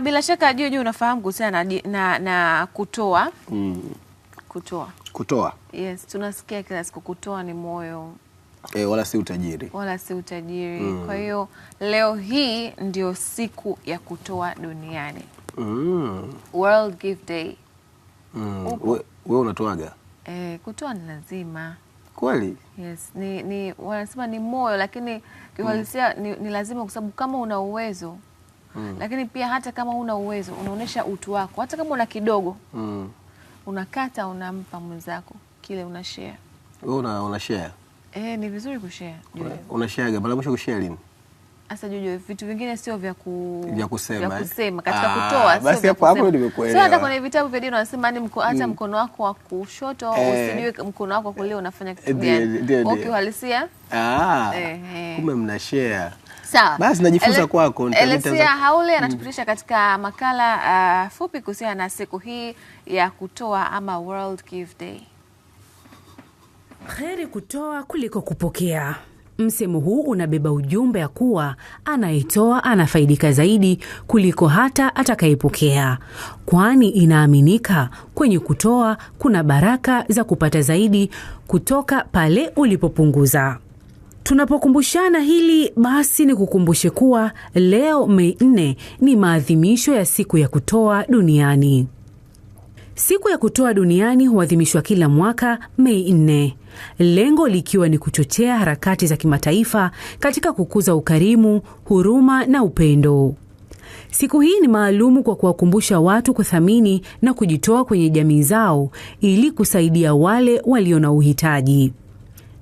bila shaka juju unafahamu kuhusiana na, na, na kutoa mm. kutoa kutoa, yes, tunasikia kila siku kutoa ni moyo E, wala si utajiri, wala si utajiri mm. Kwa hiyo leo hii ndio siku ya kutoa duniani mm. World Give Day mm. We, unatoaga? E, kutoa ni lazima kweli? Yes, ni, ni wanasema ni moyo, lakini kihalisia mm. ni, ni lazima kwa sababu kama una uwezo mm. Lakini pia hata kama una uwezo unaonyesha utu wako, hata kama una kidogo mm. unakata unampa mwenzako kile una share. Wewe una, una share? Eh, ni vizuri kushare. Una, una share gani? Mara mwisho kushare lini? Sasa Jojo, vitu vingine sio vya ku... vya kusema, vya kusema. Katika aa, ah, kutoa sio. basi hapo hapo nimekuelewa. Sasa hata kwenye vitabu vya dini wanasema ni mko, hata mm. mkono wako wa kushoto eh, usijue mkono wako wa kulia unafanya kitu eh, gani. Eh, eh, okay, uhalisia. Ah. Eh, eh. Kumbe mna share. Sawa, basi najifunza kwako. Elisia Haule mm. anatupitisha katika makala uh, fupi kuhusiana na siku hii ya kutoa ama World Give Day. Heri kutoa kuliko kupokea. Msemo huu unabeba ujumbe ya kuwa anayetoa anafaidika zaidi kuliko hata atakayepokea, kwani inaaminika kwenye kutoa kuna baraka za kupata zaidi kutoka pale ulipopunguza. Tunapokumbushana hili basi, ni kukumbushe kuwa leo Mei 4 ni maadhimisho ya siku ya kutoa duniani. Siku ya kutoa duniani huadhimishwa kila mwaka Mei 4, lengo likiwa ni kuchochea harakati za kimataifa katika kukuza ukarimu, huruma na upendo. Siku hii ni maalumu kwa kuwakumbusha watu kuthamini na kujitoa kwenye jamii zao ili kusaidia wale walio na uhitaji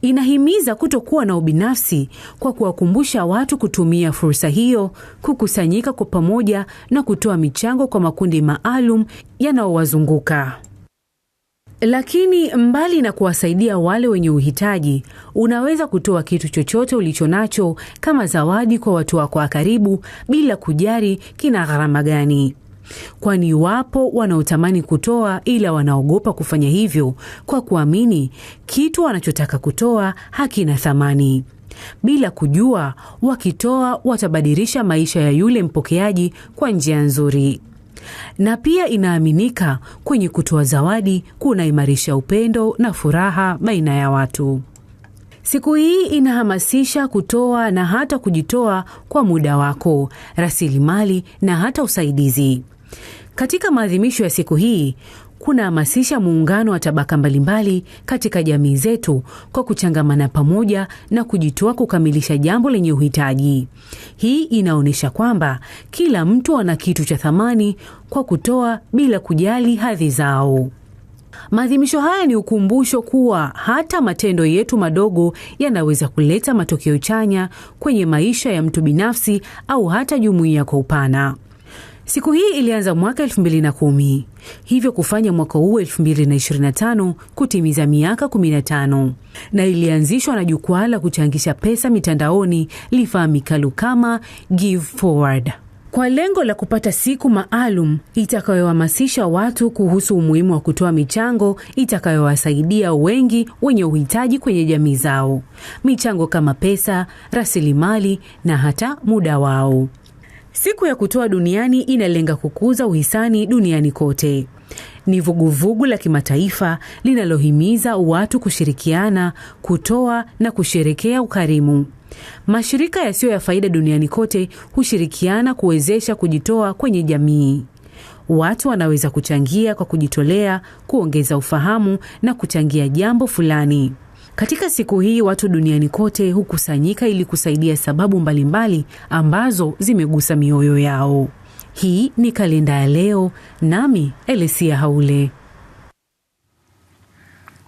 inahimiza kutokuwa na ubinafsi kwa kuwakumbusha watu kutumia fursa hiyo kukusanyika kwa pamoja na kutoa michango kwa makundi maalum yanayowazunguka. Lakini mbali na kuwasaidia wale wenye uhitaji, unaweza kutoa kitu chochote ulicho nacho kama zawadi kwa watu wako wa karibu bila kujali kina gharama gani kwani wapo wanaotamani kutoa ila wanaogopa kufanya hivyo kwa kuamini kitu wanachotaka kutoa hakina thamani bila kujua wakitoa watabadilisha maisha ya yule mpokeaji kwa njia nzuri. Na pia inaaminika kwenye kutoa zawadi kunaimarisha upendo na furaha baina ya watu. Siku hii inahamasisha kutoa na hata kujitoa kwa muda wako, rasilimali na hata usaidizi. Katika maadhimisho ya siku hii kunahamasisha muungano wa tabaka mbalimbali katika jamii zetu kwa kuchangamana pamoja na kujitoa kukamilisha jambo lenye uhitaji. Hii inaonyesha kwamba kila mtu ana kitu cha thamani kwa kutoa bila kujali hadhi zao. Maadhimisho haya ni ukumbusho kuwa hata matendo yetu madogo yanaweza kuleta matokeo chanya kwenye maisha ya mtu binafsi au hata jumuiya kwa upana. Siku hii ilianza mwaka 2010 hivyo kufanya mwaka huu 2025 kutimiza miaka 15, na ilianzishwa na jukwaa la kuchangisha pesa mitandaoni lifahamikalo kama Give Forward kwa lengo la kupata siku maalum itakayohamasisha watu kuhusu umuhimu wa kutoa michango itakayowasaidia wengi wenye uhitaji kwenye jamii zao, michango kama pesa, rasilimali na hata muda wao. Siku ya Kutoa Duniani inalenga kukuza uhisani duniani kote. Ni vuguvugu la kimataifa linalohimiza watu kushirikiana, kutoa na kusherekea ukarimu. Mashirika yasiyo ya faida duniani kote hushirikiana kuwezesha kujitoa kwenye jamii. Watu wanaweza kuchangia kwa kujitolea, kuongeza ufahamu na kuchangia jambo fulani. Katika siku hii watu duniani kote hukusanyika ili kusaidia sababu mbalimbali mbali ambazo zimegusa mioyo yao. Hii ni kalenda ya leo, nami Elesia Haule.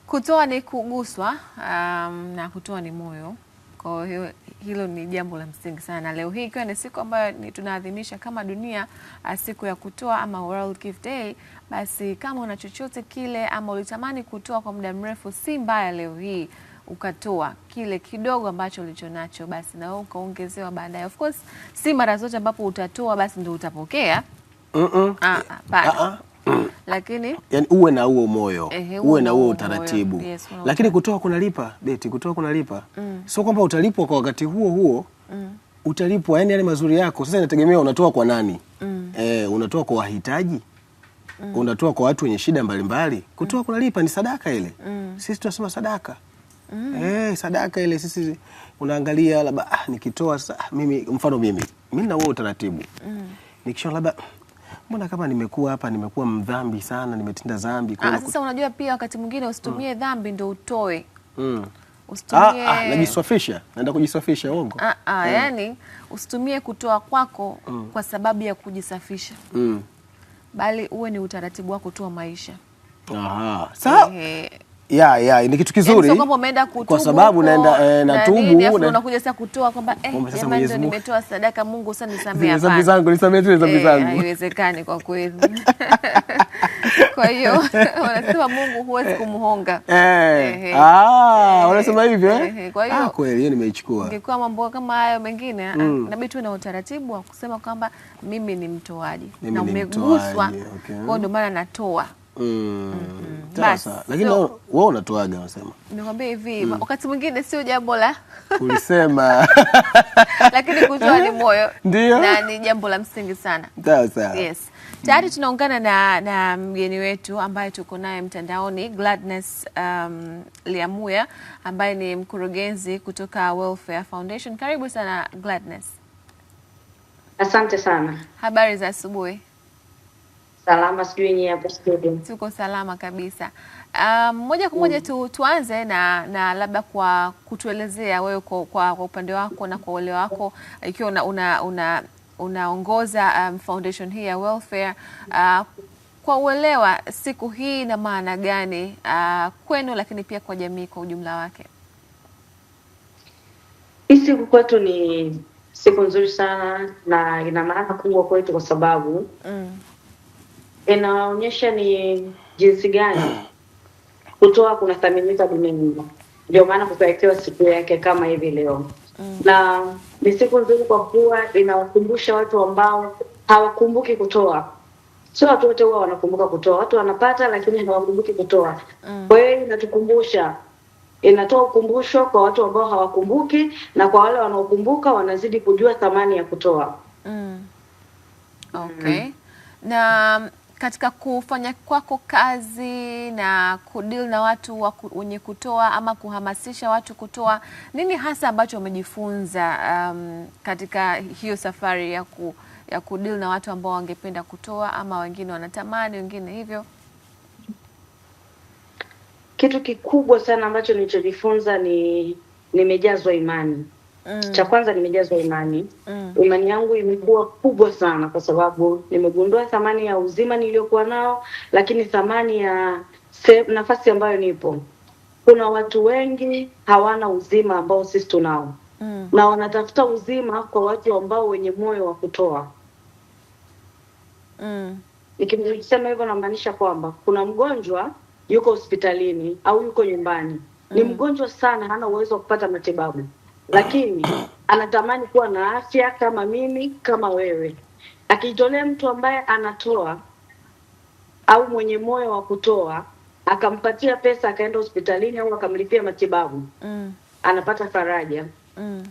Kutoa ni kuguswa, um, na kutoa ni moyo kwa hiyo hilo ni jambo la msingi sana, leo hii ikiwa ni siku ambayo tunaadhimisha kama dunia ah, siku ya kutoa ama World Gift Day, basi kama una chochote kile ama ulitamani kutoa kwa muda mrefu, si mbaya leo hii ukatoa kile kidogo ambacho ulichonacho, basi na wewe ukaongezewa baadaye. Of course si mara zote ambapo utatoa basi ndio utapokea. mm -mm. Ah, ah, lakini yani uwe na huo moyo eh, uwe na huo utaratibu yes, lakini kutoa kunalipa beti, kutoa kunalipa mm. Sio kwamba utalipwa kwa wakati huo huo mm. Utalipwa yani yale mazuri yako. Sasa inategemea unatoa kwa nani mm. Eh, unatoa kwa wahitaji mm. Unatoa kwa watu wenye shida mbalimbali. Kutoa mm. kunalipa ni sadaka ile mm. Sisi tunasema sadaka Mm. Eh, sadaka ile sisi unaangalia labda ah, nikitoa sasa ah, mimi mfano mimi mimi na wewe utaratibu mm. Nikisha labda mbona kama nimekuwa hapa nimekuwa mdhambi sana, nimetenda dhambi. Ah, sasa unajua pia wakati mwingine usitumie mm. dhambi ndio utoe mm. usitumie... ah, ah, najiswafisha naenda kujisafisha uongo ah, ah, mm. yani usitumie kutoa kwako mm. kwa sababu ya kujisafisha mm. bali uwe ni utaratibu wako tu wa maisha. Aha. Sasa ya ya ni kitu yaani kizuri umeenda kwa sababu naenda eh, natubu na unakuja sasa kutoa kwamba eh, ndio nimetoa sadaka, Mungu sasa hapa hapana zangu nisamee tu dhambi eh, zangu, haiwezekani kwa kweli. Kwa hiyo wanasema Mungu huwezi kumhonga eh, eh, ah, wanasema hivyo eh. Kwa ah, hiyo ah, kweli hiyo nimeichukua. Ingekuwa mambo kama hayo mengine ah, mm, inabidi tuwe na utaratibu wa kusema kwamba mimi ni mtoaji na umeguswa, kwa ndio maana natoa Mm. Mm-hmm. Sasa lakini wewe unatoaga unasema. Nikwambia hivi mm. Wakati mwingine sio jambo la ulisema lakini kutoa ni moyo ndio, na ni jambo la msingi sana. Sasa yes, tayari mm. tunaungana na, na mgeni wetu ambaye tuko naye mtandaoni Gladness um, Lyamuya ambaye ni mkurugenzi kutoka Welfare Foundation. Karibu sana Gladness. Asante sana. Habari za asubuhi? salama, sijui nyie hapo studio? Tuko salama kabisa. Um, moja kwa moja mm. tu, tuanze na, na labda kwa kutuelezea wewe kwa, kwa, kwa upande wako na kwa uelewa wako ikiwa una, una, una unaongoza um, foundation hii ya Welfare uh, kwa uelewa siku hii na maana gani uh, kwenu lakini pia kwa jamii kwa ujumla wake? Hii siku kwetu ni siku nzuri sana na ina maana kubwa kwetu kwa sababu mm inaonyesha ni jinsi gani kutoa kunathaminika duniani. Ndio maana kusaisiwa siku yake kama hivi leo mm. na ni siku nzuri kwa kuwa inawakumbusha watu ambao hawakumbuki kutoa. Sio watu wote huwa wanakumbuka kutoa, watu wanapata lakini hawakumbuki kutoa. Mm. Kwa hiyo inatukumbusha, inatoa ukumbusho kwa watu ambao hawakumbuki, na kwa wale wanaokumbuka wanazidi kujua thamani ya kutoa mm. okay. mm. na katika kufanya kwako kazi na kudil na watu wenye kutoa ama kuhamasisha watu kutoa, nini hasa ambacho umejifunza um, katika hiyo safari ya, ku, ya kudil na watu ambao wangependa kutoa ama wengine wanatamani, wengine hivyo? Kitu kikubwa sana ambacho nilichojifunza ni nimejazwa imani Mm. Cha kwanza nimejazwa imani. Mm. Imani yangu imekuwa kubwa sana kwa sababu nimegundua thamani ya uzima niliyokuwa nao, lakini thamani ya se, nafasi ambayo nipo. Kuna watu wengi hawana uzima ambao sisi tunao. Mm. Na wanatafuta uzima kwa watu ambao wenye moyo wa kutoa. Mm. Nikisema hivyo namaanisha kwamba kuna mgonjwa yuko hospitalini au yuko nyumbani. Mm. Ni mgonjwa sana, hana uwezo wa kupata matibabu lakini anatamani kuwa na afya kama mimi, kama wewe. Akijitolea mtu ambaye anatoa au mwenye moyo wa kutoa, akampatia pesa akaenda hospitalini au akamlipia matibabu mm. anapata faraja mm.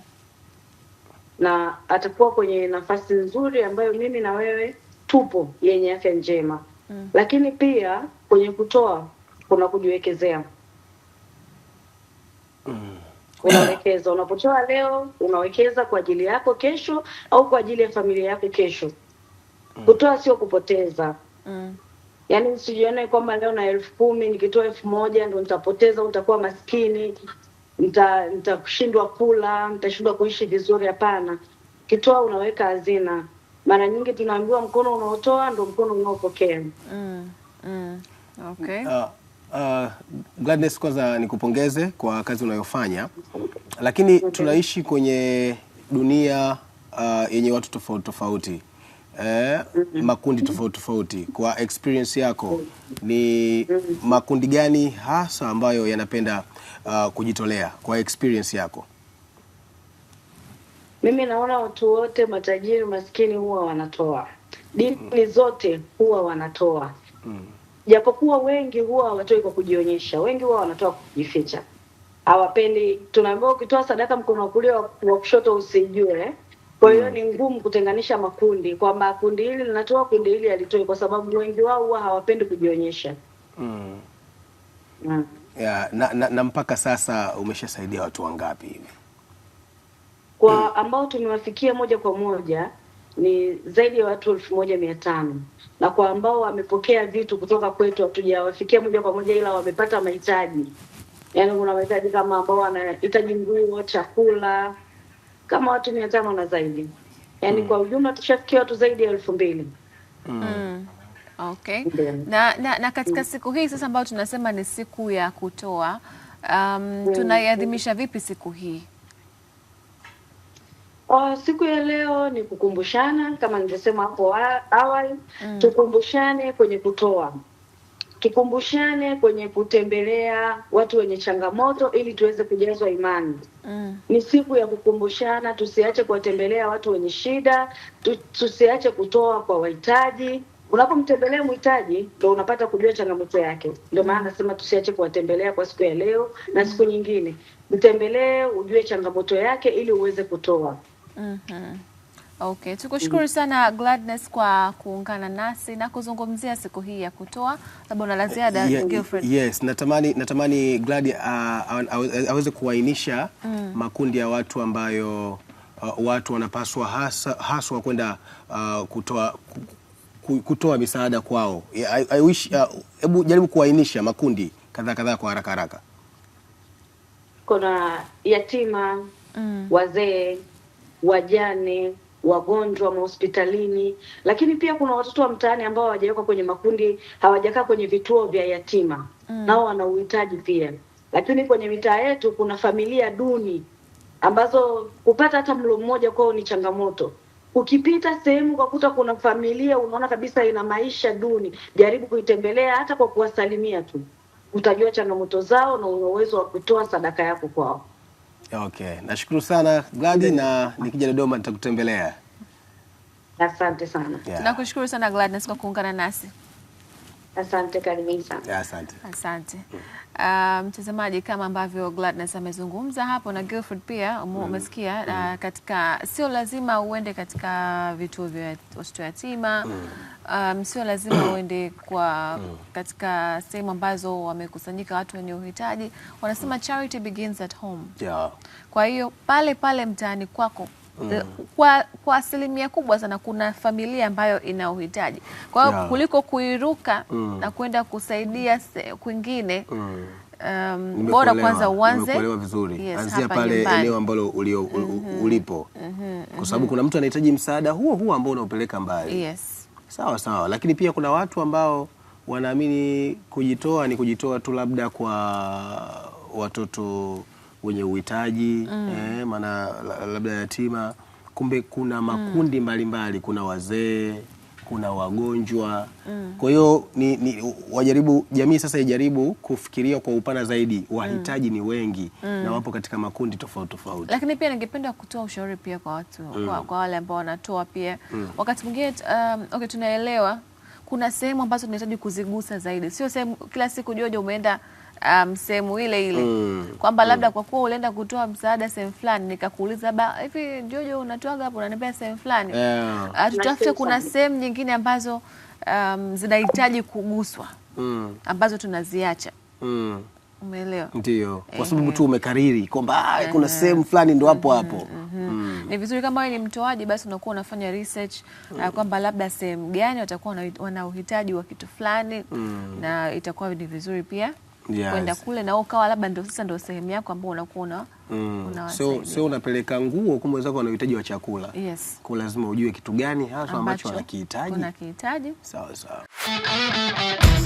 na atakuwa kwenye nafasi nzuri ambayo mimi na wewe tupo, yenye afya njema mm. lakini pia kwenye kutoa kuna kujiwekezea unawekeza. Unapotoa leo, unawekeza kwa ajili yako kesho au kwa ajili ya familia yako kesho. Mm. Kutoa sio kupoteza. Mm. Yaani usijione kwamba leo na elfu kumi nikitoa elfu moja ndo nitapoteza, nitakuwa maskini, nitashindwa nita kula, nitashindwa kuishi vizuri. Hapana, kitoa unaweka hazina. Mara nyingi tunaambiwa mkono unaotoa ndo mkono unaopokea. Mm. Mm. Okay. Uh. Uh, Gladness, kwanza nikupongeze kwa kazi unayofanya, lakini okay. Tunaishi kwenye dunia uh, yenye watu tofauti tofauti eh, mm-hmm. makundi tofauti tofauti. Kwa experience yako, ni makundi gani hasa ambayo yanapenda uh, kujitolea? Kwa experience yako mimi naona watu wote, matajiri, maskini, huwa wanatoa, dini mm. zote huwa wanatoa mm japokuwa wengi huwa hawatoi kwa kujionyesha, wengi huwa wanatoa kujificha, hawapendi. Tunaambiwa ukitoa sadaka mkono wa kulia wa kushoto usijue. Kwa hiyo mm. ni ngumu kutenganisha makundi kwamba kundi hili linatoa, kundi hili alitoi, kwa sababu wengi wao huwa hawapendi kujionyesha mm. mm. yeah, na, na, na mpaka sasa umeshasaidia watu wangapi hivi kwa ambao tumewafikia moja kwa moja? ni zaidi ya watu elfu moja mia tano na kwa ambao wamepokea vitu kutoka kwetu hatujawafikia moja kwa moja, ila wamepata mahitaji. Yani kuna mahitaji kama ambao wanahitaji nguo, chakula, kama watu mia tano na zaidi yani mm. kwa ujumla tushafikia watu zaidi ya elfu mbili mm. mm. Okay. Na, na, na katika mm. siku hii sasa ambayo tunasema ni siku ya kutoa um, mm. tunaiadhimisha vipi siku hii? Oh, siku ya leo ni kukumbushana kama nilivyosema hapo awali mm. Tukumbushane kwenye kutoa, tukumbushane kwenye kutembelea watu wenye changamoto ili tuweze kujazwa imani mm. Ni siku ya kukumbushana, tusiache kuwatembelea watu wenye shida tu, tusiache kutoa kwa wahitaji. Unapomtembelea mhitaji ndio unapata kujua changamoto yake, ndio maana nasema tusiache kuwatembelea kwa siku ya leo na siku mm. nyingine, mtembelee ujue changamoto yake ili uweze kutoa. Mm-hmm. mm -hmm. Okay, tukushukuru sana Gladness kwa kuungana nasi na kuzungumzia siku hii ya kutoa. Labda una la ziada girlfriend. Yes, natamani natamani Glad uh, aweze kuainisha mm. makundi ya watu ambayo uh, watu wanapaswa hasa, haswa kwenda uh, kutoa kutoa misaada kwao. I, I wish hebu uh, jaribu kuainisha makundi kadhaa kadhaa kwa haraka haraka. Kuna yatima mm. wazee wajane, wagonjwa mahospitalini, lakini pia kuna watoto wa mtaani ambao hawajawekwa kwenye makundi, hawajakaa kwenye vituo vya yatima mm. nao wana uhitaji pia. Lakini kwenye mitaa yetu kuna familia duni ambazo kupata hata mlo mmoja kwao ni changamoto. Ukipita sehemu ukakuta kuna familia unaona kabisa ina maisha duni, jaribu kuitembelea hata kwa kuwasalimia tu, utajua changamoto zao na una uwezo wa kutoa sadaka yako kwao. Okay, nashukuru sana Gladi, na nikija Dodoma nitakutembelea. Asante sana. Yeah. Tunakushukuru sana Gladness kwa kuungana nasi. Asante kabisa. Asante, asante. Uh, mtazamaji, kama ambavyo Gladness amezungumza hapo na Gilford pia mm-hmm. umesikia mm. uh, katika sio lazima uende katika vituo vya watoto yatima mm. um, sio lazima uende kwa mm. katika sehemu ambazo wamekusanyika watu wenye uhitaji, wanasema charity begins at home yeah. Kwa hiyo pale pale mtaani kwako Eh, mm. Kwa, kwa asilimia kubwa sana kuna familia ambayo ina uhitaji, kwa hiyo yeah. kuliko kuiruka mm. na kwenda kusaidia kwingine mm. Um, bora kwanza uanze yes, anzia pale eneo ambalo ulio, mm -hmm. ulipo mm -hmm. kwa sababu mhm. kuna mtu anahitaji msaada huo huo ambao unaupeleka mbali yes. Sawa sawa, lakini pia kuna watu ambao wanaamini kujitoa ni kujitoa tu labda kwa watoto wenye uhitaji mm. eh, maana labda yatima, kumbe kuna mm. makundi mbalimbali mm. mbali, kuna wazee kuna wagonjwa mm. kwa hiyo ni, ni, wajaribu jamii sasa ijaribu kufikiria kwa upana zaidi, wahitaji mm. ni wengi mm. na wapo katika makundi tofauti tofauti. Lakini pia ningependa kutoa ushauri pia kwa watu mm. kwa, kwa wale ambao wanatoa pia mm. wakati mwingine um, okay, tunaelewa kuna sehemu ambazo tunahitaji kuzigusa zaidi, sio sehemu kila siku Jojo umeenda um, sehemu ile ile mm. kwamba labda mm. kwa kuwa ulienda kutoa msaada sehemu fulani, nikakuuliza ba hivi Jojo unatoaga hapo unanipea sehemu fulani yeah. Ah, tutafute kuna sehemu nyingine ambazo um, zinahitaji kuguswa mm. ambazo tunaziacha mm. Umeelewa? Ndio, kwa sababu tu umekariri kwamba ah, kuna sehemu fulani ndo hapo hapo. Mm-hmm, mm-hmm. Mm. Ni vizuri kama wewe ni mtoaji, basi unakuwa unafanya research ah, mm. kwamba labda sehemu gani watakuwa wana uhitaji wa kitu fulani, mm. na itakuwa ni vizuri pia yes. kwenda kule na ukawa labda ndio sasa ndio sehemu yako ambayo unakuwa una mm. sio unapeleka nguo kumbe wenzako ana uhitaji wa chakula yes. kwa lazima ujue kitu gani hasa ambacho anakihitaji kihitaji sawa sawa